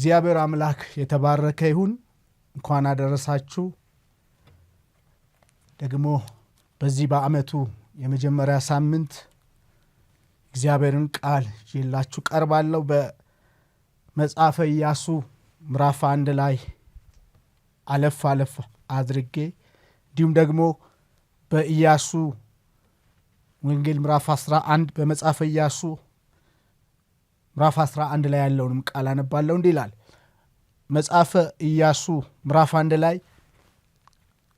እግዚአብሔር አምላክ የተባረከ ይሁን። እንኳን አደረሳችሁ። ደግሞ በዚህ በአመቱ የመጀመሪያ ሳምንት እግዚአብሔርን ቃል ይላችሁ ቀርባለሁ። በመጽሐፈ ኢያሱ ምራፍ አንድ ላይ አለፍ አለፍ አድርጌ እንዲሁም ደግሞ በኢያሱ ወንጌል ምዕራፍ 11 በመጽሐፈ ኢያሱ ምራፍ 11 ላይ ያለውንም ቃል አነባለሁ። እንዲህ ይላል መጽሐፈ ኢያሱ ምራፍ 1 ላይ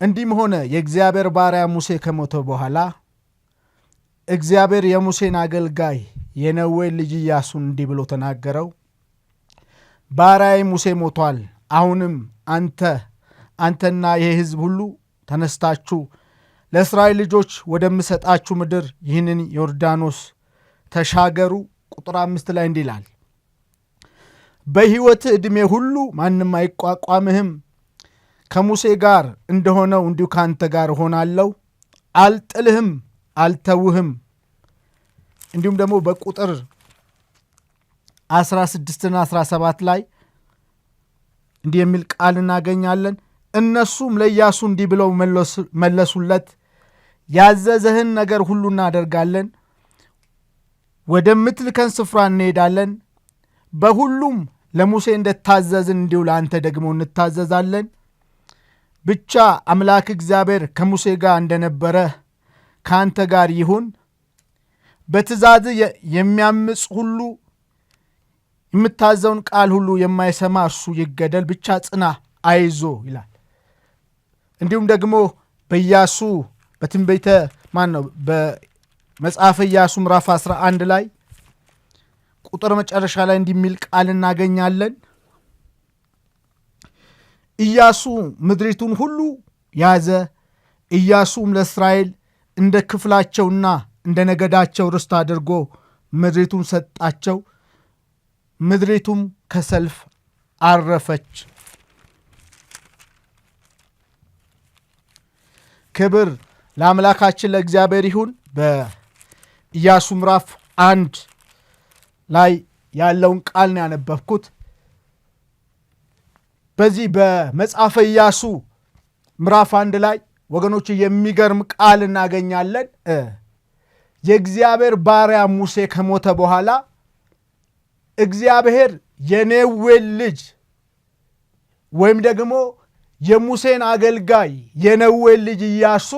እንዲህም ሆነ የእግዚአብሔር ባሪያ ሙሴ ከሞተ በኋላ እግዚአብሔር የሙሴን አገልጋይ የነዌ ልጅ ኢያሱን እንዲህ ብሎ ተናገረው። ባሪያዬ ሙሴ ሞቷል። አሁንም አንተ አንተና ይህ ሕዝብ ሁሉ ተነስታችሁ ለእስራኤል ልጆች ወደምሰጣችሁ ምድር ይህንን ዮርዳኖስ ተሻገሩ ቁጥር አምስት ላይ እንዲህ ይላል በሕይወት ዕድሜ ሁሉ ማንም አይቋቋምህም ከሙሴ ጋር እንደሆነው እንዲሁ ከአንተ ጋር እሆናለሁ አልጥልህም አልተውህም እንዲሁም ደግሞ በቁጥር 16ና 17 ላይ እንዲህ የሚል ቃል እናገኛለን እነሱም ለያሱ እንዲህ ብለው መለሱለት ያዘዘህን ነገር ሁሉ እናደርጋለን ወደምትልከን ስፍራ እንሄዳለን። በሁሉም ለሙሴ እንደታዘዝን እንዲሁ ለአንተ ደግሞ እንታዘዛለን። ብቻ አምላክ እግዚአብሔር ከሙሴ ጋር እንደነበረ ከአንተ ጋር ይሁን። በትእዛዝ የሚያምፅ ሁሉ የምታዘውን ቃል ሁሉ የማይሰማ እርሱ ይገደል። ብቻ ጽና፣ አይዞ ይላል። እንዲሁም ደግሞ በኢያሱ በትንቢተ ማን ነው መጽሐፈ ኢያሱ ምዕራፍ 11 ላይ ቁጥር መጨረሻ ላይ እንዲሚል ቃል እናገኛለን። ኢያሱ ምድሪቱን ሁሉ ያዘ። ኢያሱም ለእስራኤል እንደ ክፍላቸውና እንደ ነገዳቸው ርስት አድርጎ ምድሪቱን ሰጣቸው። ምድሪቱም ከሰልፍ አረፈች። ክብር ለአምላካችን ለእግዚአብሔር ይሁን። ኢያሱ ምዕራፍ አንድ ላይ ያለውን ቃል ነው ያነበብኩት። በዚህ በመጽሐፈ ኢያሱ ምዕራፍ አንድ ላይ ወገኖች የሚገርም ቃል እናገኛለን። የእግዚአብሔር ባሪያ ሙሴ ከሞተ በኋላ እግዚአብሔር የኔዌል ልጅ ወይም ደግሞ የሙሴን አገልጋይ የነዌል ልጅ እያሱ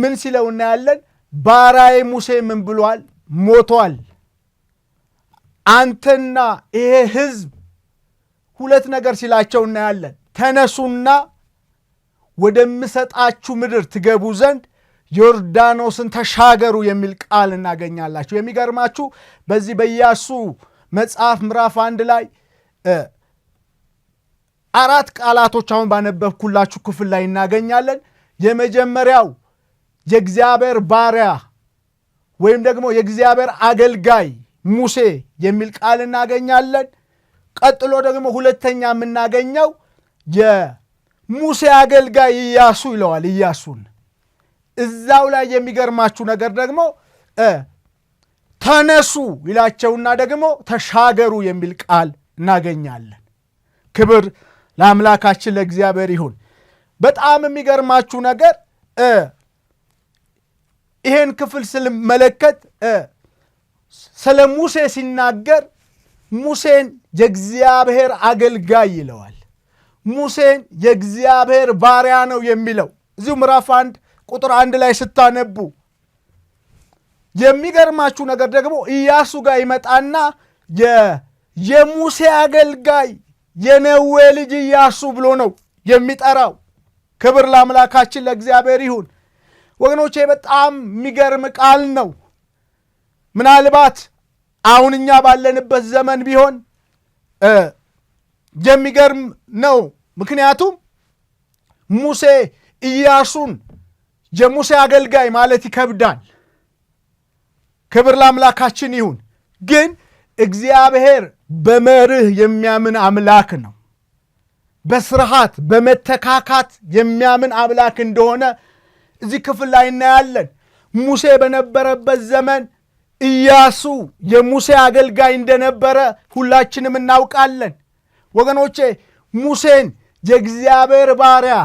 ምን ሲለው እናያለን? ባራይ ሙሴ ምን ብሏል? ሞቷል። አንተና ይሄ ህዝብ ሁለት ነገር ሲላቸው እናያለን። ተነሱና ወደምሰጣችሁ ምድር ትገቡ ዘንድ ዮርዳኖስን ተሻገሩ የሚል ቃል እናገኛላችሁ። የሚገርማችሁ በዚህ በኢያሱ መጽሐፍ ምዕራፍ አንድ ላይ አራት ቃላቶች አሁን ባነበብኩላችሁ ክፍል ላይ እናገኛለን። የመጀመሪያው የእግዚአብሔር ባሪያ ወይም ደግሞ የእግዚአብሔር አገልጋይ ሙሴ የሚል ቃል እናገኛለን። ቀጥሎ ደግሞ ሁለተኛ የምናገኘው የሙሴ አገልጋይ እያሱ ይለዋል። እያሱን እዛው ላይ የሚገርማችሁ ነገር ደግሞ ተነሱ ይላቸውና ደግሞ ተሻገሩ የሚል ቃል እናገኛለን። ክብር ለአምላካችን ለእግዚአብሔር ይሁን። በጣም የሚገርማችሁ ነገር ይሄን ክፍል ስንመለከት ስለ ሙሴ ሲናገር ሙሴን የእግዚአብሔር አገልጋይ ይለዋል። ሙሴን የእግዚአብሔር ባሪያ ነው የሚለው እዚሁ ምዕራፍ አንድ ቁጥር አንድ ላይ ስታነቡ የሚገርማችሁ ነገር ደግሞ ኢያሱ ጋር ይመጣና የሙሴ አገልጋይ የነዌ ልጅ ኢያሱ ብሎ ነው የሚጠራው። ክብር ለአምላካችን ለእግዚአብሔር ይሁን። ወገኖቼ በጣም የሚገርም ቃል ነው። ምናልባት አሁን እኛ ባለንበት ዘመን ቢሆን የሚገርም ነው። ምክንያቱም ሙሴ ኢያሱን የሙሴ አገልጋይ ማለት ይከብዳል። ክብር ለአምላካችን ይሁን። ግን እግዚአብሔር በመርህ የሚያምን አምላክ ነው። በስርዓት በመተካካት የሚያምን አምላክ እንደሆነ እዚህ ክፍል ላይ እናያለን። ሙሴ በነበረበት ዘመን ኢያሱ የሙሴ አገልጋይ እንደነበረ ሁላችንም እናውቃለን። ወገኖቼ ሙሴን የእግዚአብሔር ባሪያ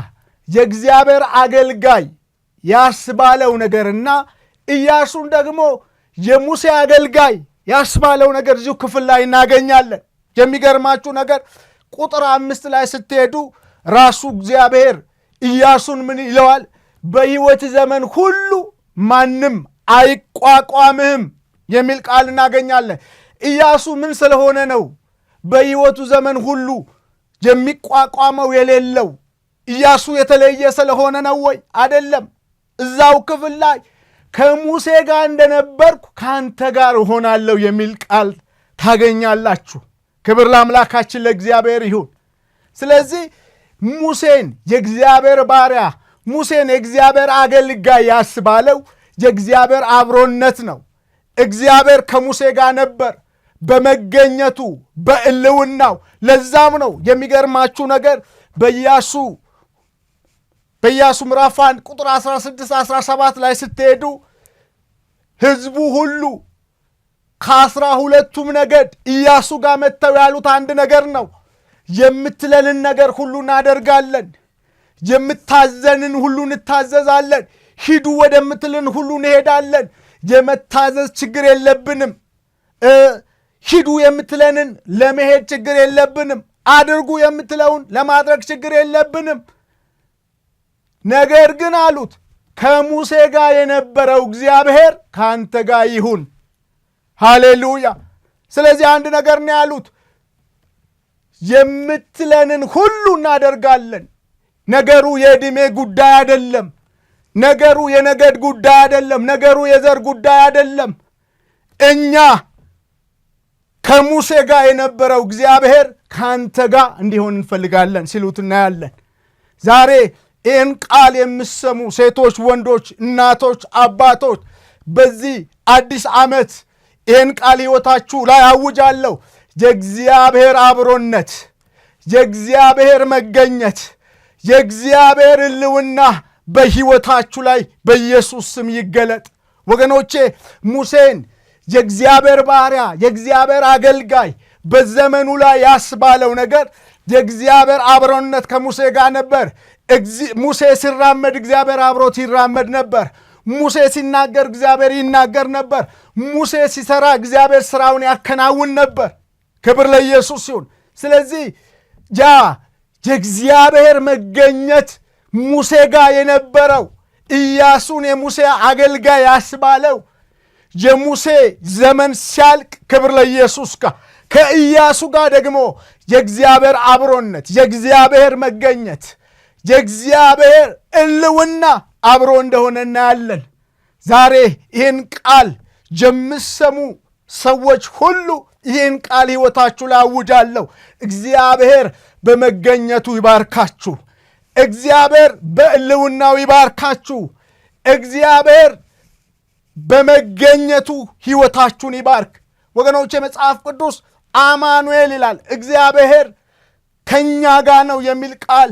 የእግዚአብሔር አገልጋይ ያስባለው ነገርና ኢያሱን ደግሞ የሙሴ አገልጋይ ያስባለው ነገር እዚሁ ክፍል ላይ እናገኛለን። የሚገርማችሁ ነገር ቁጥር አምስት ላይ ስትሄዱ ራሱ እግዚአብሔር ኢያሱን ምን ይለዋል? በሕይወት ዘመን ሁሉ ማንም አይቋቋምህም የሚል ቃል እናገኛለን። ኢያሱ ምን ስለሆነ ነው በሕይወቱ ዘመን ሁሉ የሚቋቋመው የሌለው? ኢያሱ የተለየ ስለሆነ ነው ወይ? አደለም። እዛው ክፍል ላይ ከሙሴ ጋር እንደነበርኩ ከአንተ ጋር እሆናለሁ የሚል ቃል ታገኛላችሁ። ክብር ለአምላካችን ለእግዚአብሔር ይሁን። ስለዚህ ሙሴን የእግዚአብሔር ባሪያ ሙሴን የእግዚአብሔር አገልጋይ ያስባለው የእግዚአብሔር አብሮነት ነው። እግዚአብሔር ከሙሴ ጋር ነበር በመገኘቱ በእልውናው። ለዛም ነው የሚገርማችሁ ነገር በኢያሱ በኢያሱ ምዕራፍ ቁጥር 16 17 ላይ ስትሄዱ ህዝቡ ሁሉ ከአስራ ሁለቱም ነገድ ኢያሱ ጋር መጥተው ያሉት አንድ ነገር ነው፣ የምትለልን ነገር ሁሉ እናደርጋለን የምታዘንን ሁሉ እንታዘዛለን። ሂዱ ወደምትልን ሁሉ እንሄዳለን። የመታዘዝ ችግር የለብንም። ሂዱ የምትለንን ለመሄድ ችግር የለብንም። አድርጉ የምትለውን ለማድረግ ችግር የለብንም። ነገር ግን አሉት ከሙሴ ጋር የነበረው እግዚአብሔር ከአንተ ጋር ይሁን። ሃሌሉያ። ስለዚህ አንድ ነገር ነው ያሉት፣ የምትለንን ሁሉ እናደርጋለን ነገሩ የዕድሜ ጉዳይ አይደለም። ነገሩ የነገድ ጉዳይ አይደለም። ነገሩ የዘር ጉዳይ አይደለም። እኛ ከሙሴ ጋር የነበረው እግዚአብሔር ከአንተ ጋር እንዲሆን እንፈልጋለን ሲሉት እናያለን። ዛሬ ይህን ቃል የምሰሙ ሴቶች፣ ወንዶች፣ እናቶች፣ አባቶች በዚህ አዲስ ዓመት ይህን ቃል ሕይወታችሁ ላይ አውጃለሁ። የእግዚአብሔር አብሮነት፣ የእግዚአብሔር መገኘት የእግዚአብሔር ሕልውና በሕይወታችሁ ላይ በኢየሱስ ስም ይገለጥ። ወገኖቼ ሙሴን የእግዚአብሔር ባሪያ የእግዚአብሔር አገልጋይ በዘመኑ ላይ ያስባለው ነገር የእግዚአብሔር አብሮነት ከሙሴ ጋር ነበር። ሙሴ ሲራመድ እግዚአብሔር አብሮት ይራመድ ነበር። ሙሴ ሲናገር እግዚአብሔር ይናገር ነበር። ሙሴ ሲሰራ እግዚአብሔር ስራውን ያከናውን ነበር። ክብር ለኢየሱስ ይሁን። ስለዚህ ያ የእግዚአብሔር መገኘት ሙሴ ጋር የነበረው ኢያሱን የሙሴ አገልጋይ ያስባለው የሙሴ ዘመን ሲያልቅ ክብር ለኢየሱስ ጋር ከኢያሱ ጋር ደግሞ የእግዚአብሔር አብሮነት የእግዚአብሔር መገኘት የእግዚአብሔር እልውና አብሮ እንደሆነ እናያለን። ዛሬ ይህን ቃል የምሰሙ ሰዎች ሁሉ ይህን ቃል ሕይወታችሁ ላይ አውጃለሁ። እግዚአብሔር በመገኘቱ ይባርካችሁ። እግዚአብሔር በእልውናው ይባርካችሁ። እግዚአብሔር በመገኘቱ ሕይወታችሁን ይባርክ። ወገኖች የመጽሐፍ ቅዱስ አማኑኤል ይላል እግዚአብሔር ከእኛ ጋር ነው የሚል ቃል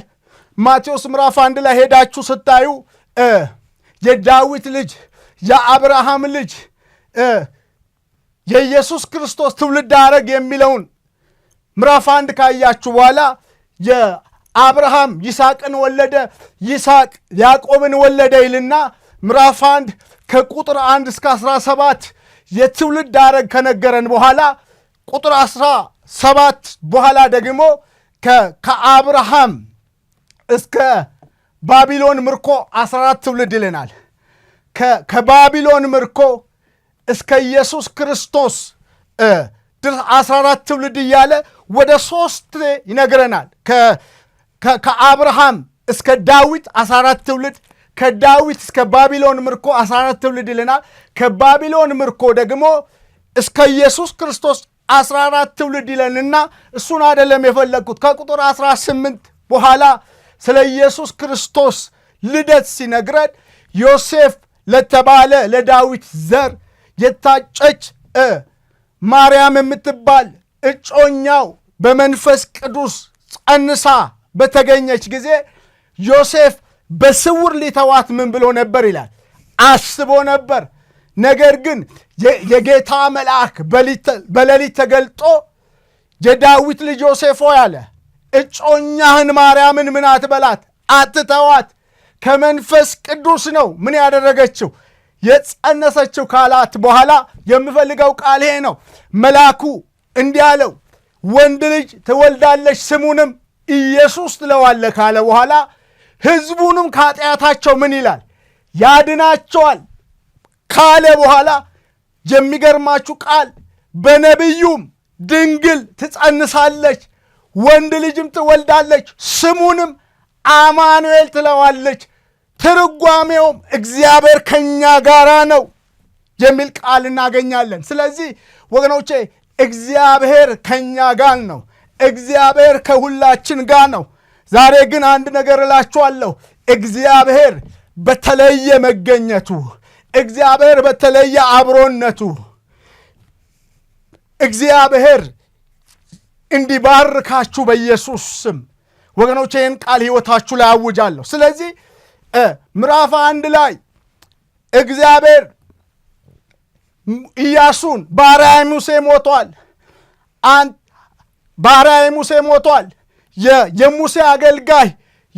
ማቴዎስ ምዕራፍ አንድ ላይ ሄዳችሁ ስታዩ የዳዊት ልጅ የአብርሃም ልጅ የኢየሱስ ክርስቶስ ትውልድ ሐረግ የሚለውን ምዕራፍ አንድ ካያችሁ በኋላ የአብርሃም ይስሐቅን ወለደ፣ ይስሐቅ ያዕቆብን ወለደ ይልና ምዕራፍ አንድ ከቁጥር አንድ እስከ ሰባት የትውልድ ሐረግ ከነገረን በኋላ ቁጥር አስራ ሰባት በኋላ ደግሞ ከአብርሃም እስከ ባቢሎን ምርኮ 14 ትውልድ ይለናል። ከባቢሎን ምርኮ እስከ ኢየሱስ ክርስቶስ ድረስ 14 ትውልድ እያለ ወደ ሶስት ይነግረናል። ከአብርሃም እስከ ዳዊት 14 ትውልድ፣ ከዳዊት እስከ ባቢሎን ምርኮ 14 ትውልድ ይለናል። ከባቢሎን ምርኮ ደግሞ እስከ ኢየሱስ ክርስቶስ 14 ትውልድ ይለንና እሱን አይደለም የፈለግኩት ከቁጥር 18 በኋላ ስለ ኢየሱስ ክርስቶስ ልደት ሲነግረን ዮሴፍ ለተባለ ለዳዊት ዘር የታጨች ማርያም የምትባል እጮኛው በመንፈስ ቅዱስ ጸንሳ በተገኘች ጊዜ ዮሴፍ በስውር ሊተዋት ምን ብሎ ነበር ይላል? አስቦ ነበር። ነገር ግን የጌታ መልአክ በሌሊት ተገልጦ የዳዊት ልጅ ዮሴፎ ያለ እጮኛህን ማርያምን ምን አትበላት፣ አትተዋት። ከመንፈስ ቅዱስ ነው ምን ያደረገችው የጸነሰችው ካላት በኋላ የምፈልገው ቃል ይሄ ነው። መልአኩ እንዲህ አለው ወንድ ልጅ ትወልዳለች፣ ስሙንም ኢየሱስ ትለዋለ ካለ በኋላ ህዝቡንም ከኃጢአታቸው ምን ይላል ያድናቸዋል ካለ በኋላ የሚገርማችሁ ቃል በነቢዩም ድንግል ትጸንሳለች፣ ወንድ ልጅም ትወልዳለች፣ ስሙንም አማኑኤል ትለዋለች ትርጓሜውም እግዚአብሔር ከኛ ጋራ ነው የሚል ቃል እናገኛለን። ስለዚህ ወገኖቼ እግዚአብሔር ከኛ ጋር ነው። እግዚአብሔር ከሁላችን ጋር ነው። ዛሬ ግን አንድ ነገር እላችኋለሁ። እግዚአብሔር በተለየ መገኘቱ፣ እግዚአብሔር በተለየ አብሮነቱ፣ እግዚአብሔር እንዲባርካችሁ በኢየሱስ ስም ወገኖቼ ይህን ቃል ህይወታችሁ ላይ አውጃለሁ። ስለዚህ ምዕራፍ አንድ ላይ እግዚአብሔር ኢያሱን ባሪያዬ ሙሴ ሞቷል፣ ባሪያዬ ሙሴ ሞቷል፣ የሙሴ አገልጋይ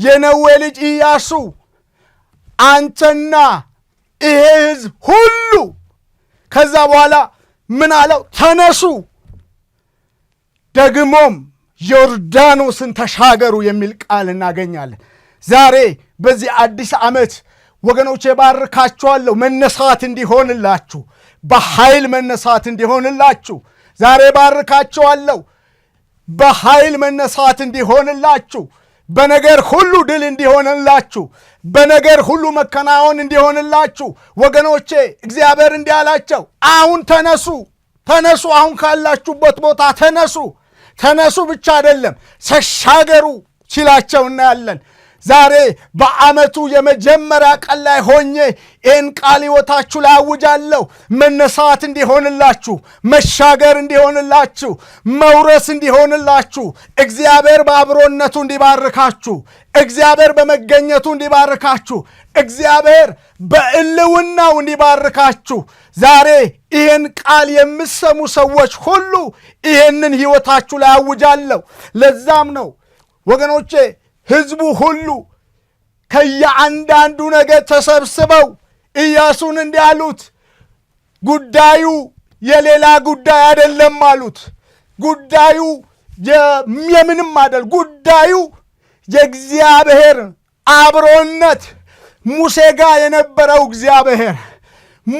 የነዌ ልጅ ኢያሱ አንተና ይሄ ህዝብ ሁሉ ከዛ በኋላ ምን አለው? ተነሱ ደግሞም ዮርዳኖስን ተሻገሩ የሚል ቃል እናገኛለን ዛሬ በዚህ አዲስ ዓመት ወገኖች የባርካችኋለሁ። መነሳት እንዲሆንላችሁ በኃይል መነሳት እንዲሆንላችሁ ዛሬ ባርካችኋለሁ። በኃይል መነሳት እንዲሆንላችሁ በነገር ሁሉ ድል እንዲሆንላችሁ በነገር ሁሉ መከናወን እንዲሆንላችሁ ወገኖቼ እግዚአብሔር እንዲህ አላቸው። አሁን ተነሱ፣ ተነሱ። አሁን ካላችሁበት ቦታ ተነሱ። ተነሱ ብቻ አይደለም ተሻገሩ ሲላቸው እናያለን። ዛሬ በዓመቱ የመጀመሪያ ቀን ላይ ሆኜ ይህን ቃል ሕይወታችሁ ላይ አውጃለሁ። መነሳት እንዲሆንላችሁ፣ መሻገር እንዲሆንላችሁ፣ መውረስ እንዲሆንላችሁ፣ እግዚአብሔር በአብሮነቱ እንዲባርካችሁ፣ እግዚአብሔር በመገኘቱ እንዲባርካችሁ፣ እግዚአብሔር በእልውናው እንዲባርካችሁ። ዛሬ ይህን ቃል የምሰሙ ሰዎች ሁሉ ይህንን ሕይወታችሁ ላይ አውጃለሁ። ለዛም ነው ወገኖቼ ሕዝቡ ሁሉ ከየአንዳንዱ ነገር ተሰብስበው ኢያሱን እንዲህ አሉት፣ ጉዳዩ የሌላ ጉዳይ አይደለም አሉት። ጉዳዩ የምንም አይደል፣ ጉዳዩ የእግዚአብሔር አብሮነት ሙሴ ጋር የነበረው እግዚአብሔር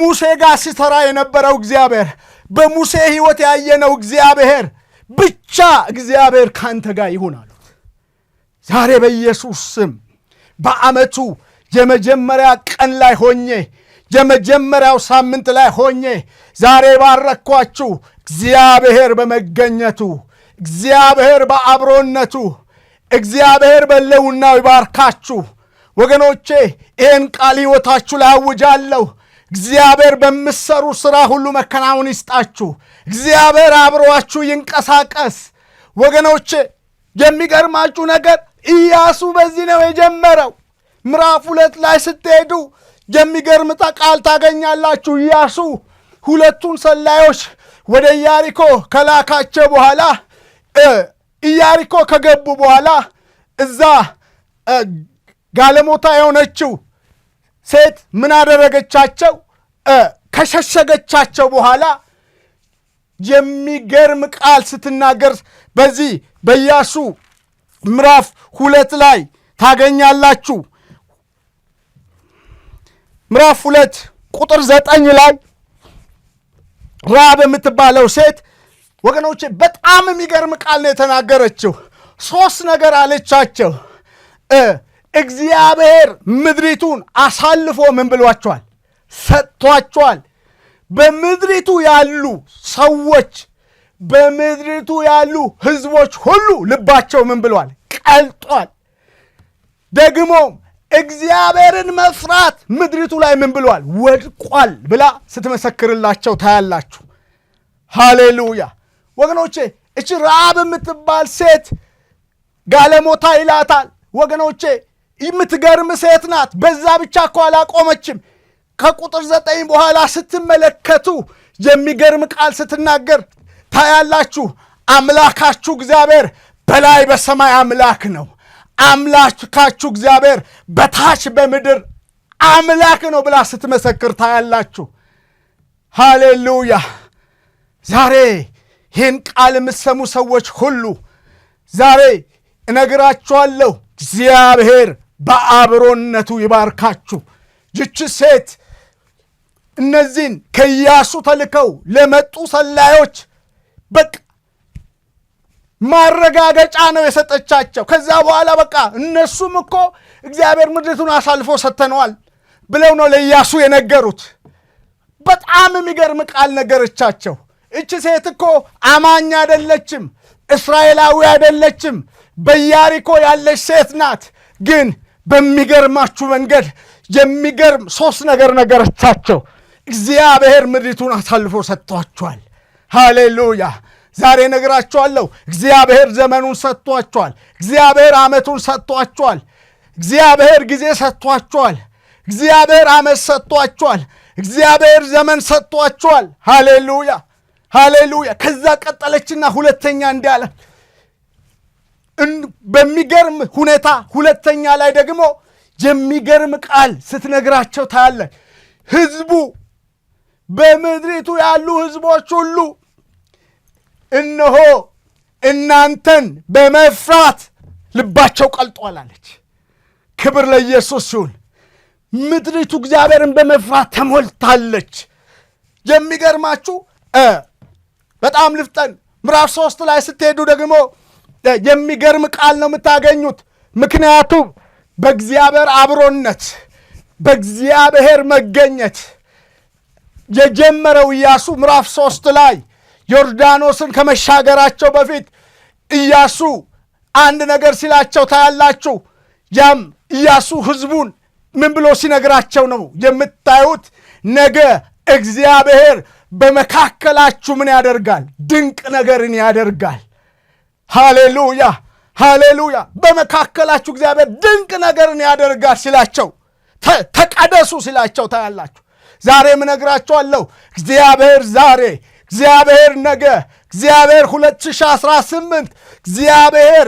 ሙሴ ጋር ሲተራ የነበረው እግዚአብሔር በሙሴ ሕይወት ያየነው እግዚአብሔር ብቻ እግዚአብሔር ካንተ ጋር ይሁን አሉ። ዛሬ በኢየሱስ ስም በዓመቱ የመጀመሪያ ቀን ላይ ሆኜ የመጀመሪያው ሳምንት ላይ ሆኜ ዛሬ ባረኳችሁ። እግዚአብሔር በመገኘቱ እግዚአብሔር በአብሮነቱ እግዚአብሔር በለውናው ይባርካችሁ። ወገኖቼ ይህን ቃል ሕይወታችሁ ላይ አውጃለሁ። እግዚአብሔር በምሰሩ ሥራ ሁሉ መከናወን ይስጣችሁ። እግዚአብሔር አብሮአችሁ ይንቀሳቀስ። ወገኖቼ የሚገርማችሁ ነገር ኢያሱ በዚህ ነው የጀመረው። ምዕራፍ ሁለት ላይ ስትሄዱ የሚገርም ቃል ታገኛላችሁ። ኢያሱ ሁለቱን ሰላዮች ወደ ኢያሪኮ ከላካቸው በኋላ ኢያሪኮ ከገቡ በኋላ እዛ ጋለሞታ የሆነችው ሴት ምን አደረገቻቸው? ከሸሸገቻቸው በኋላ የሚገርም ቃል ስትናገር በዚህ በኢያሱ ምዕራፍ ሁለት ላይ ታገኛላችሁ። ምዕራፍ ሁለት ቁጥር ዘጠኝ ላይ ራብ የምትባለው ሴት ወገኖቼ በጣም የሚገርም ቃል ነው የተናገረችው። ሶስት ነገር አለቻቸው። እግዚአብሔር ምድሪቱን አሳልፎ ምን ብሏቸዋል? ሰጥቷቸዋል። በምድሪቱ ያሉ ሰዎች በምድሪቱ ያሉ ህዝቦች ሁሉ ልባቸው ምን ብሏል? ቀልጧል። ደግሞም እግዚአብሔርን መፍራት ምድሪቱ ላይ ምን ብሏል? ወድቋል ብላ ስትመሰክርላቸው ታያላችሁ። ሃሌሉያ ወገኖቼ፣ እች ረአብ የምትባል ሴት ጋለሞታ ይላታል። ወገኖቼ የምትገርም ሴት ናት። በዛ ብቻ እኮ አላቆመችም። ከቁጥር ዘጠኝ በኋላ ስትመለከቱ የሚገርም ቃል ስትናገር ታያላችሁ። አምላካችሁ እግዚአብሔር በላይ በሰማይ አምላክ ነው። አምላካችሁ እግዚአብሔር በታች በምድር አምላክ ነው ብላ ስትመሰክር ታያላችሁ። ሃሌሉያ። ዛሬ ይህን ቃል የምትሰሙ ሰዎች ሁሉ ዛሬ እነግራችኋለሁ፣ እግዚአብሔር በአብሮነቱ ይባርካችሁ። ይች ሴት እነዚህን ከኢያሱ ተልከው ለመጡ ሰላዮች በቃ ማረጋገጫ ነው የሰጠቻቸው። ከዛ በኋላ በቃ እነሱም እኮ እግዚአብሔር ምድሪቱን አሳልፎ ሰጥተነዋል ብለው ነው ለኢያሱ የነገሩት። በጣም የሚገርም ቃል ነገረቻቸው። እች ሴት እኮ አማኝ አይደለችም፣ እስራኤላዊ አይደለችም፣ በያሪኮ ያለች ሴት ናት። ግን በሚገርማችሁ መንገድ የሚገርም ሶስት ነገር ነገረቻቸው። እግዚአብሔር ምድሪቱን አሳልፎ ሰጥቷቸዋል። ሃሌሉያ ዛሬ ነግራችኋለሁ። እግዚአብሔር ዘመኑን ሰጥቷችኋል። እግዚአብሔር ዓመቱን ሰጥቷችኋል። እግዚአብሔር ጊዜ ሰጥቷችኋል። እግዚአብሔር ዓመት ሰጥቷችኋል። እግዚአብሔር ዘመን ሰጥቷችኋል። ሃሌሉያ ሃሌሉያ። ከዛ ቀጠለችና ሁለተኛ እንዲያለ በሚገርም ሁኔታ ሁለተኛ ላይ ደግሞ የሚገርም ቃል ስትነግራቸው ታያለን። ህዝቡ በምድሪቱ ያሉ ህዝቦች ሁሉ እነሆ እናንተን በመፍራት ልባቸው ቀልጧል አለች። ክብር ለኢየሱስ ይሁን። ምድሪቱ እግዚአብሔርን በመፍራት ተሞልታለች። የሚገርማችሁ በጣም ልፍጠን። ምዕራፍ ሶስት ላይ ስትሄዱ ደግሞ የሚገርም ቃል ነው የምታገኙት። ምክንያቱም በእግዚአብሔር አብሮነት በእግዚአብሔር መገኘት የጀመረው ኢያሱ ምዕራፍ ሶስት ላይ ዮርዳኖስን ከመሻገራቸው በፊት ኢያሱ አንድ ነገር ሲላቸው ታያላችሁ። ያም ኢያሱ ህዝቡን ምን ብሎ ሲነግራቸው ነው የምታዩት። ነገ እግዚአብሔር በመካከላችሁ ምን ያደርጋል? ድንቅ ነገርን ያደርጋል። ሃሌሉያ ሃሌሉያ። በመካከላችሁ እግዚአብሔር ድንቅ ነገርን ያደርጋል ሲላቸው፣ ተቀደሱ ሲላቸው ታያላችሁ። ዛሬ እነግራችኋለሁ እግዚአብሔር ዛሬ እግዚአብሔር ነገ እግዚአብሔር 2018 እግዚአብሔር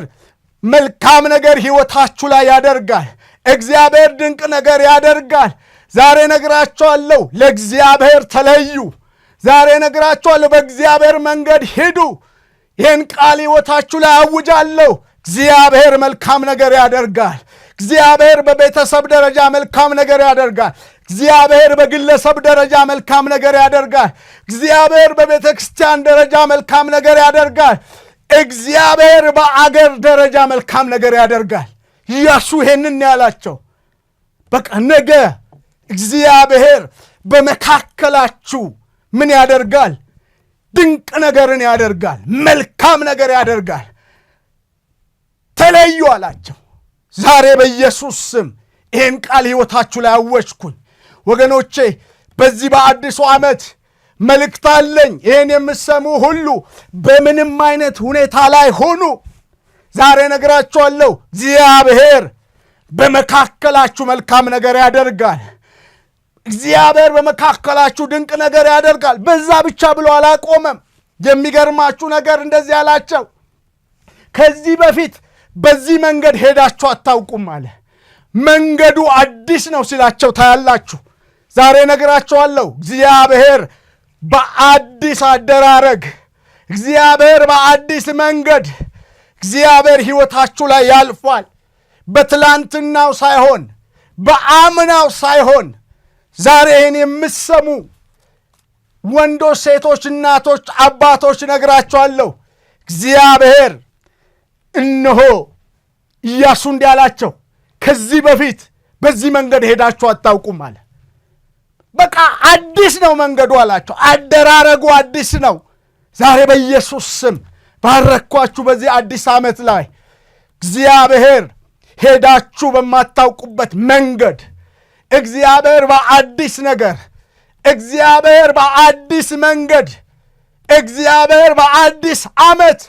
መልካም ነገር ሕይወታችሁ ላይ ያደርጋል። እግዚአብሔር ድንቅ ነገር ያደርጋል። ዛሬ ነግራችኋለሁ፣ ለእግዚአብሔር ተለዩ። ዛሬ ነግራችኋለሁ፣ በእግዚአብሔር መንገድ ሂዱ። ይህን ቃል ሕይወታችሁ ላይ አውጃለሁ። እግዚአብሔር መልካም ነገር ያደርጋል። እግዚአብሔር በቤተሰብ ደረጃ መልካም ነገር ያደርጋል። እግዚአብሔር በግለሰብ ደረጃ መልካም ነገር ያደርጋል። እግዚአብሔር በቤተ ክርስቲያን ደረጃ መልካም ነገር ያደርጋል። እግዚአብሔር በአገር ደረጃ መልካም ነገር ያደርጋል። ኢያሱ ይሄንን ያላቸው በቃ ነገ እግዚአብሔር በመካከላችሁ ምን ያደርጋል? ድንቅ ነገርን ያደርጋል። መልካም ነገር ያደርጋል። ተለዩ አላቸው። ዛሬ በኢየሱስ ስም ይህን ቃል ሕይወታችሁ ላይ አወጅኩኝ። ወገኖቼ በዚህ በአዲሱ ዓመት መልእክት አለኝ። ይህን የምሰሙ ሁሉ በምንም አይነት ሁኔታ ላይ ሆኑ፣ ዛሬ ነግራችኋለሁ፣ እግዚአብሔር በመካከላችሁ መልካም ነገር ያደርጋል። እግዚአብሔር በመካከላችሁ ድንቅ ነገር ያደርጋል። በዛ ብቻ ብሎ አላቆመም። የሚገርማችሁ ነገር እንደዚህ አላቸው፣ ከዚህ በፊት በዚህ መንገድ ሄዳችሁ አታውቁም አለ። መንገዱ አዲስ ነው ሲላቸው ታያላችሁ ዛሬ ነግራቸዋለሁ። እግዚአብሔር በአዲስ አደራረግ፣ እግዚአብሔር በአዲስ መንገድ፣ እግዚአብሔር ሕይወታችሁ ላይ ያልፏል። በትላንትናው ሳይሆን በአምናው ሳይሆን ዛሬ ይህን የምትሰሙ ወንዶች፣ ሴቶች፣ እናቶች፣ አባቶች ነግራቸዋለሁ። እግዚአብሔር እነሆ ኢያሱ እንዲህ አላቸው፣ ከዚህ በፊት በዚህ መንገድ ሄዳችሁ አታውቁም አለ። በቃ አዲስ ነው መንገዱ አላቸው። አደራረጉ አዲስ ነው። ዛሬ በኢየሱስ ስም ባረኳችሁ። በዚህ አዲስ ዓመት ላይ እግዚአብሔር ሄዳችሁ በማታውቁበት መንገድ እግዚአብሔር በአዲስ ነገር፣ እግዚአብሔር በአዲስ መንገድ፣ እግዚአብሔር በአዲስ ዓመት።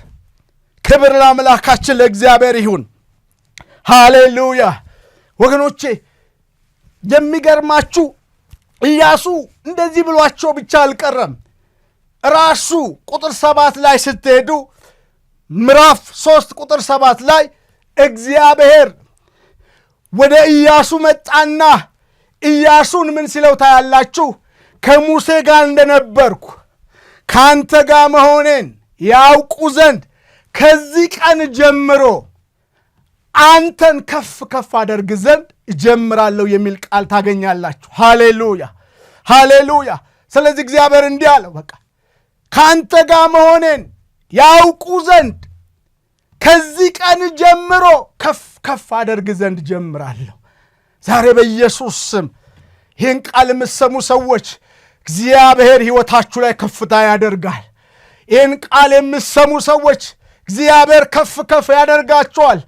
ክብር ለአምላካችን ለእግዚአብሔር ይሁን። ሃሌሉያ ወገኖቼ የሚገርማችሁ ኢያሱ እንደዚህ ብሏቸው ብቻ አልቀረም። ራሱ ቁጥር ሰባት ላይ ስትሄዱ ምዕራፍ ሶስት ቁጥር ሰባት ላይ እግዚአብሔር ወደ ኢያሱ መጣና ኢያሱን ምን ሲለው ታያላችሁ? ከሙሴ ጋር እንደነበርኩ ከአንተ ጋር መሆኔን ያውቁ ዘንድ ከዚህ ቀን ጀምሮ አንተን ከፍ ከፍ አደርግ ዘንድ እጀምራለሁ የሚል ቃል ታገኛላችሁ። ሃሌሉያ ሃሌሉያ። ስለዚህ እግዚአብሔር እንዲህ አለው፣ በቃ ከአንተ ጋር መሆኔን ያውቁ ዘንድ ከዚህ ቀን ጀምሮ ከፍ ከፍ አደርግ ዘንድ ጀምራለሁ። ዛሬ በኢየሱስ ስም ይህን ቃል የምትሰሙ ሰዎች እግዚአብሔር ሕይወታችሁ ላይ ከፍታ ያደርጋል። ይህን ቃል የምትሰሙ ሰዎች እግዚአብሔር ከፍ ከፍ ያደርጋችኋል።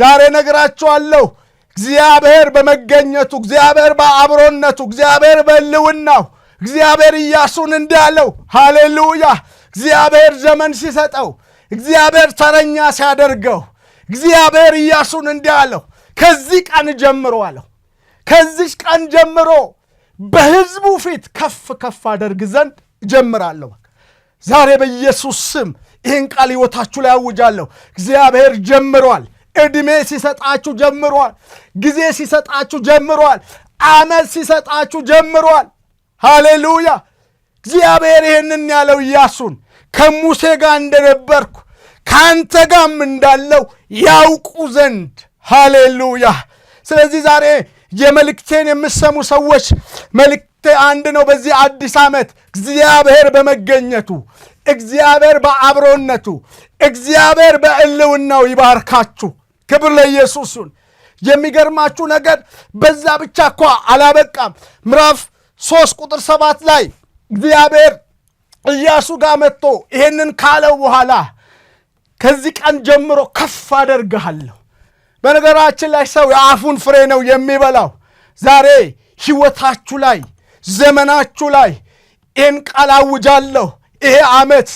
ዛሬ ነግራችኋለሁ። እግዚአብሔር በመገኘቱ እግዚአብሔር በአብሮነቱ እግዚአብሔር በልውናው እግዚአብሔር ኢያሱን እንዳለው ሃሌሉያ እግዚአብሔር ዘመን ሲሰጠው እግዚአብሔር ተረኛ ሲያደርገው እግዚአብሔር ኢያሱን እንዳለው ከዚህ ቀን ጀምሮ አለው ከዚህ ቀን ጀምሮ በሕዝቡ ፊት ከፍ ከፍ አደርግ ዘንድ እጀምራለሁ። ዛሬ በኢየሱስ ስም ይህን ቃል ሕይወታችሁ ላይ አውጃለሁ። እግዚአብሔር ጀምሯል። እድሜ ሲሰጣችሁ ጀምሯል። ጊዜ ሲሰጣችሁ ጀምሯል። ዓመት ሲሰጣችሁ ጀምሯል። ሃሌሉያ! እግዚአብሔር ይህንን ያለው ኢያሱን ከሙሴ ጋር እንደነበርኩ ከአንተ ጋም እንዳለው ያውቁ ዘንድ ሃሌሉያ። ስለዚህ ዛሬ የመልእክቴን የምሰሙ ሰዎች መልእክቴ አንድ ነው። በዚህ አዲስ ዓመት እግዚአብሔር በመገኘቱ እግዚአብሔር በአብሮነቱ እግዚአብሔር በዕልውናው ይባርካችሁ። ክብር ለኢየሱስ ይሁን። የሚገርማችሁ ነገር በዛ ብቻ እኳ አላበቃም። ምዕራፍ ሶስት ቁጥር ሰባት ላይ እግዚአብሔር ኢያሱ ጋር መጥቶ ይሄንን ካለው በኋላ ከዚህ ቀን ጀምሮ ከፍ አደርግሃለሁ። በነገራችን ላይ ሰው የአፉን ፍሬ ነው የሚበላው። ዛሬ ሕይወታችሁ ላይ ዘመናችሁ ላይ ይህን ቃል አውጃለሁ። ይሄ ዓመት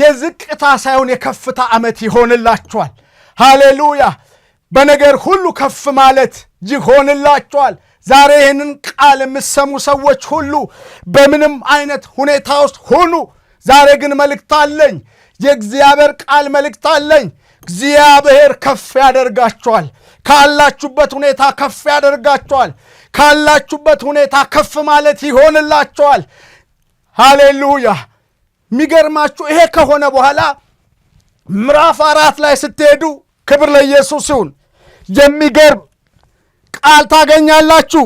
የዝቅታ ሳይሆን የከፍታ ዓመት ይሆንላችኋል። ሃሌሉያ በነገር ሁሉ ከፍ ማለት ይሆንላችኋል። ዛሬ ይህንን ቃል የምትሰሙ ሰዎች ሁሉ በምንም አይነት ሁኔታ ውስጥ ሁኑ። ዛሬ ግን መልእክት አለኝ፣ የእግዚአብሔር ቃል መልእክት አለኝ። እግዚአብሔር ከፍ ያደርጋችኋል። ካላችሁበት ሁኔታ ከፍ ያደርጋችኋል። ካላችሁበት ሁኔታ ከፍ ማለት ይሆንላችኋል። ሃሌሉያ። የሚገርማችሁ ይሄ ከሆነ በኋላ ምዕራፍ አራት ላይ ስትሄዱ ክብር ለኢየሱስ ይሁን። የሚገርም ቃል ታገኛላችሁ።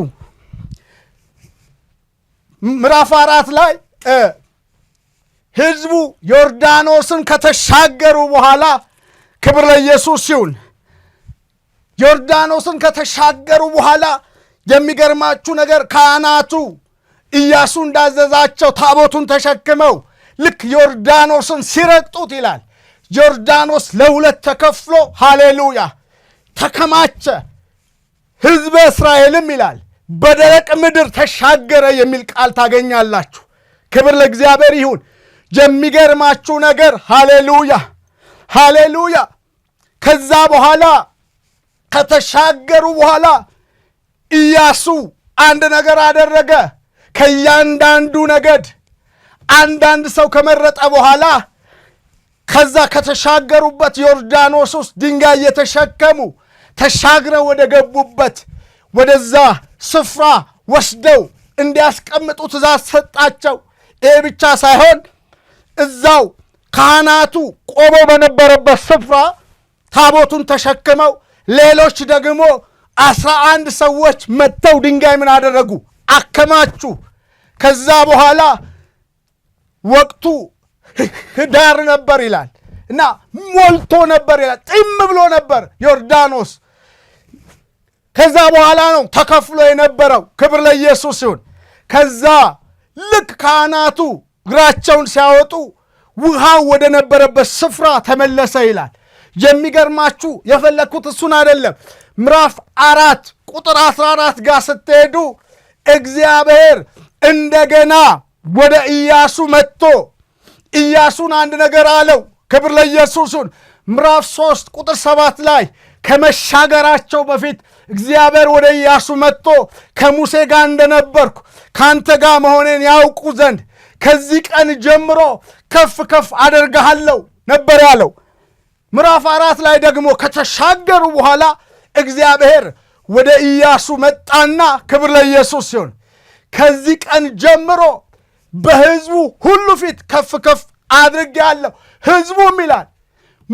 ምዕራፍ አራት ላይ ህዝቡ ዮርዳኖስን ከተሻገሩ በኋላ ክብር ለኢየሱስ ይሁን። ዮርዳኖስን ከተሻገሩ በኋላ የሚገርማችሁ ነገር ካህናቱ ኢያሱ እንዳዘዛቸው ታቦቱን ተሸክመው ልክ ዮርዳኖስን ሲረግጡት ይላል ዮርዳኖስ ለሁለት ተከፍሎ ሃሌሉያ ተከማቸ፣ ህዝበ እስራኤልም ይላል በደረቅ ምድር ተሻገረ የሚል ቃል ታገኛላችሁ። ክብር ለእግዚአብሔር ይሁን። የሚገርማችሁ ነገር ሃሌሉያ ሃሌሉያ። ከዛ በኋላ ከተሻገሩ በኋላ ኢያሱ አንድ ነገር አደረገ። ከእያንዳንዱ ነገድ አንዳንድ ሰው ከመረጠ በኋላ ከዛ ከተሻገሩበት ዮርዳኖስ ውስጥ ድንጋይ የተሸከሙ ተሻግረው ወደ ገቡበት ወደዛ ስፍራ ወስደው እንዲያስቀምጡ ትእዛዝ ሰጣቸው። ይህ ብቻ ሳይሆን እዛው ካህናቱ ቆመው በነበረበት ስፍራ ታቦቱን ተሸክመው ሌሎች ደግሞ አስራ አንድ ሰዎች መጥተው ድንጋይ ምን አደረጉ? አከማቹ። ከዛ በኋላ ወቅቱ ህዳር ነበር ይላል እና ሞልቶ ነበር ይላል። ጢም ብሎ ነበር ዮርዳኖስ ከዛ በኋላ ነው ተከፍሎ የነበረው። ክብር ለኢየሱስ ይሁን። ከዛ ልክ ካህናቱ እግራቸውን ሲያወጡ ውሃው ወደ ነበረበት ስፍራ ተመለሰ ይላል። የሚገርማችሁ የፈለግኩት እሱን አይደለም። ምዕራፍ አራት ቁጥር 14 ጋር ስትሄዱ እግዚአብሔር እንደገና ወደ ኢያሱ መጥቶ ኢያሱን አንድ ነገር አለው። ክብር ለኢየሱስን ምዕራፍ 3 ቁጥር 7 ላይ ከመሻገራቸው በፊት እግዚአብሔር ወደ ኢያሱ መጥቶ ከሙሴ ጋር እንደነበርኩ ከአንተ ጋር መሆኔን ያውቁ ዘንድ ከዚህ ቀን ጀምሮ ከፍ ከፍ አደርግሃለሁ ነበር ያለው። ምዕራፍ አራት ላይ ደግሞ ከተሻገሩ በኋላ እግዚአብሔር ወደ ኢያሱ መጣና ክብር ለኢየሱስ ሲሆን ከዚህ ቀን ጀምሮ በሕዝቡ ሁሉ ፊት ከፍ ከፍ አድርጌአለሁ። ሕዝቡም ይላል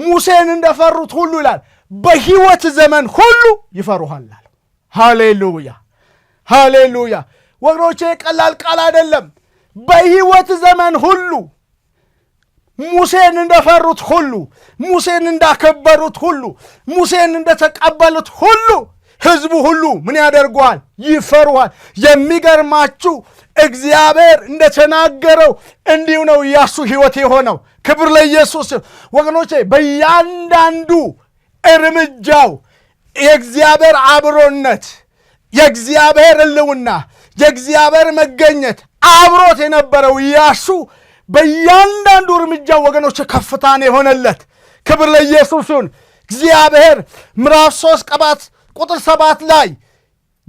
ሙሴን እንደፈሩት ሁሉ ይላል በሕይወት ዘመን ሁሉ ይፈሩሃል አለ። ሃሌሉያ ሃሌሉያ። ወገኖቼ ቀላል ቃል አይደለም። በሕይወት ዘመን ሁሉ ሙሴን እንደፈሩት ሁሉ ሙሴን እንዳከበሩት ሁሉ ሙሴን እንደተቀበሉት ሁሉ ሕዝቡ ሁሉ ምን ያደርገዋል? ይፈሩሃል። የሚገርማችሁ እግዚአብሔር እንደተናገረው እንዲሁ ነው ኢያሱ ሕይወት የሆነው። ክብር ለኢየሱስ። ወገኖቼ በእያንዳንዱ እርምጃው የእግዚአብሔር አብሮነት፣ የእግዚአብሔር ሕልውና፣ የእግዚአብሔር መገኘት አብሮት የነበረው ኢያሱ በእያንዳንዱ እርምጃው ወገኖች ከፍታን የሆነለት ክብር ለኢየሱስ ይሁን። እግዚአብሔር ምዕራፍ ሶስት ቀባት ቁጥር ሰባት ላይ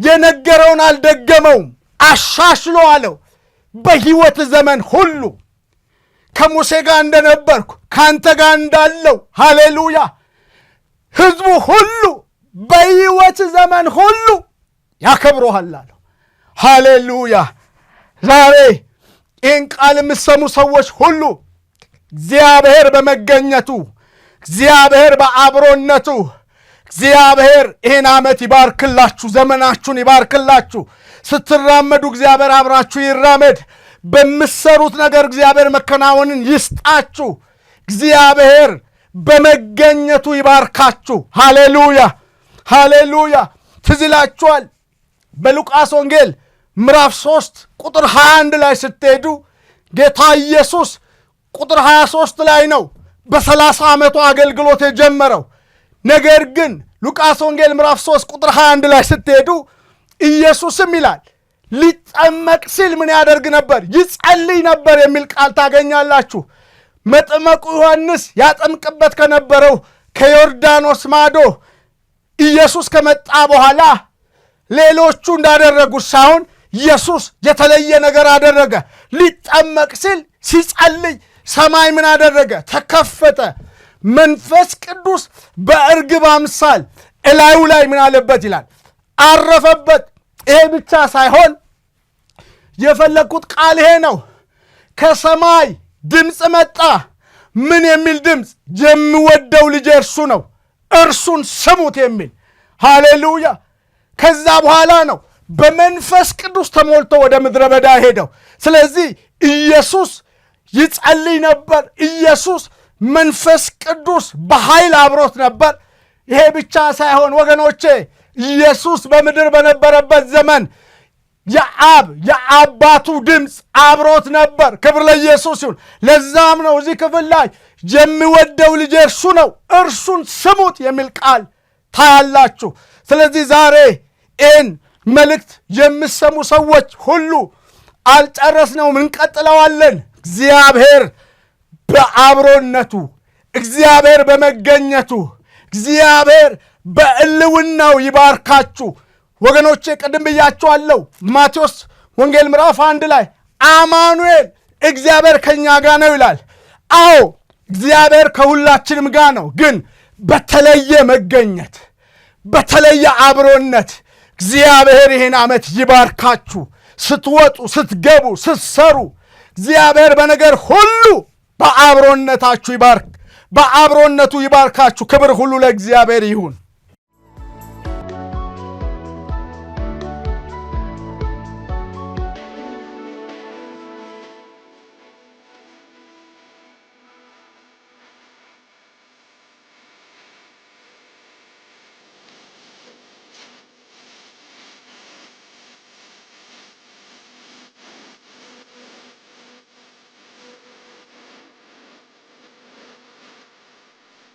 የነገረውን አልደገመውም፣ አሻሽሎ አለው። በሕይወት ዘመን ሁሉ ከሙሴ ጋር እንደነበርኩ ከአንተ ጋር እንዳለው ሃሌሉያ ህዝቡ ሁሉ በህይወት ዘመን ሁሉ ያከብሮሃል ሃሌሉያ! ዛሬ ይህን ቃል የምትሰሙ ሰዎች ሁሉ እግዚአብሔር በመገኘቱ እግዚአብሔር በአብሮነቱ እግዚአብሔር ይህን ዓመት ይባርክላችሁ፣ ዘመናችሁን ይባርክላችሁ። ስትራመዱ እግዚአብሔር አብራችሁ ይራመድ። በምትሰሩት ነገር እግዚአብሔር መከናወንን ይስጣችሁ። እግዚአብሔር በመገኘቱ ይባርካችሁ። ሃሌሉያ ሃሌሉያ። ትዝላችኋል በሉቃስ ወንጌል ምዕራፍ 3 ቁጥር 21 ላይ ስትሄዱ ጌታ ኢየሱስ ቁጥር 23 ላይ ነው በ30 ዓመቱ አገልግሎት የጀመረው። ነገር ግን ሉቃስ ወንጌል ምዕራፍ 3 ቁጥር 21 ላይ ስትሄዱ ኢየሱስም ይላል ሊጠመቅ ሲል ምን ያደርግ ነበር? ይጸልይ ነበር የሚል ቃል ታገኛላችሁ። መጥመቁ ዮሐንስ ያጠምቅበት ከነበረው ከዮርዳኖስ ማዶ ኢየሱስ ከመጣ በኋላ ሌሎቹ እንዳደረጉት ሳይሆን ኢየሱስ የተለየ ነገር አደረገ። ሊጠመቅ ሲል ሲጸልይ ሰማይ ምን አደረገ? ተከፈተ። መንፈስ ቅዱስ በእርግብ አምሳል እላዩ ላይ ምን አለበት ይላል አረፈበት። ይሄ ብቻ ሳይሆን የፈለግኩት ቃል ይሄ ነው ከሰማይ ድምፅ መጣ። ምን የሚል ድምፅ? የሚወደው ልጄ እርሱ ነው፣ እርሱን ስሙት የሚል ሃሌሉያ። ከዛ በኋላ ነው በመንፈስ ቅዱስ ተሞልቶ ወደ ምድረ በዳ ሄደው። ስለዚህ ኢየሱስ ይጸልይ ነበር። ኢየሱስ መንፈስ ቅዱስ በኃይል አብሮት ነበር። ይሄ ብቻ ሳይሆን ወገኖቼ ኢየሱስ በምድር በነበረበት ዘመን የአብ የአባቱ ድምፅ አብሮት ነበር። ክብር ለኢየሱስ ይሁን። ለዛም ነው እዚህ ክፍል ላይ የሚወደው ልጅ እርሱ ነው፣ እርሱን ስሙት የሚል ቃል ታያላችሁ። ስለዚህ ዛሬ ይህን መልእክት የምሰሙ ሰዎች ሁሉ አልጨረስነውም፣ እንቀጥለዋለን። እግዚአብሔር በአብሮነቱ እግዚአብሔር በመገኘቱ እግዚአብሔር በእልውናው ይባርካችሁ። ወገኖቼ ቀደም ብያችኋለሁ። ማቴዎስ ወንጌል ምዕራፍ አንድ ላይ አማኑኤል እግዚአብሔር ከእኛ ጋር ነው ይላል። አዎ እግዚአብሔር ከሁላችንም ጋር ነው፣ ግን በተለየ መገኘት፣ በተለየ አብሮነት። እግዚአብሔር ይህን ዓመት ይባርካችሁ። ስትወጡ፣ ስትገቡ፣ ስትሰሩ እግዚአብሔር በነገር ሁሉ በአብሮነታችሁ ይባርክ፣ በአብሮነቱ ይባርካችሁ። ክብር ሁሉ ለእግዚአብሔር ይሁን።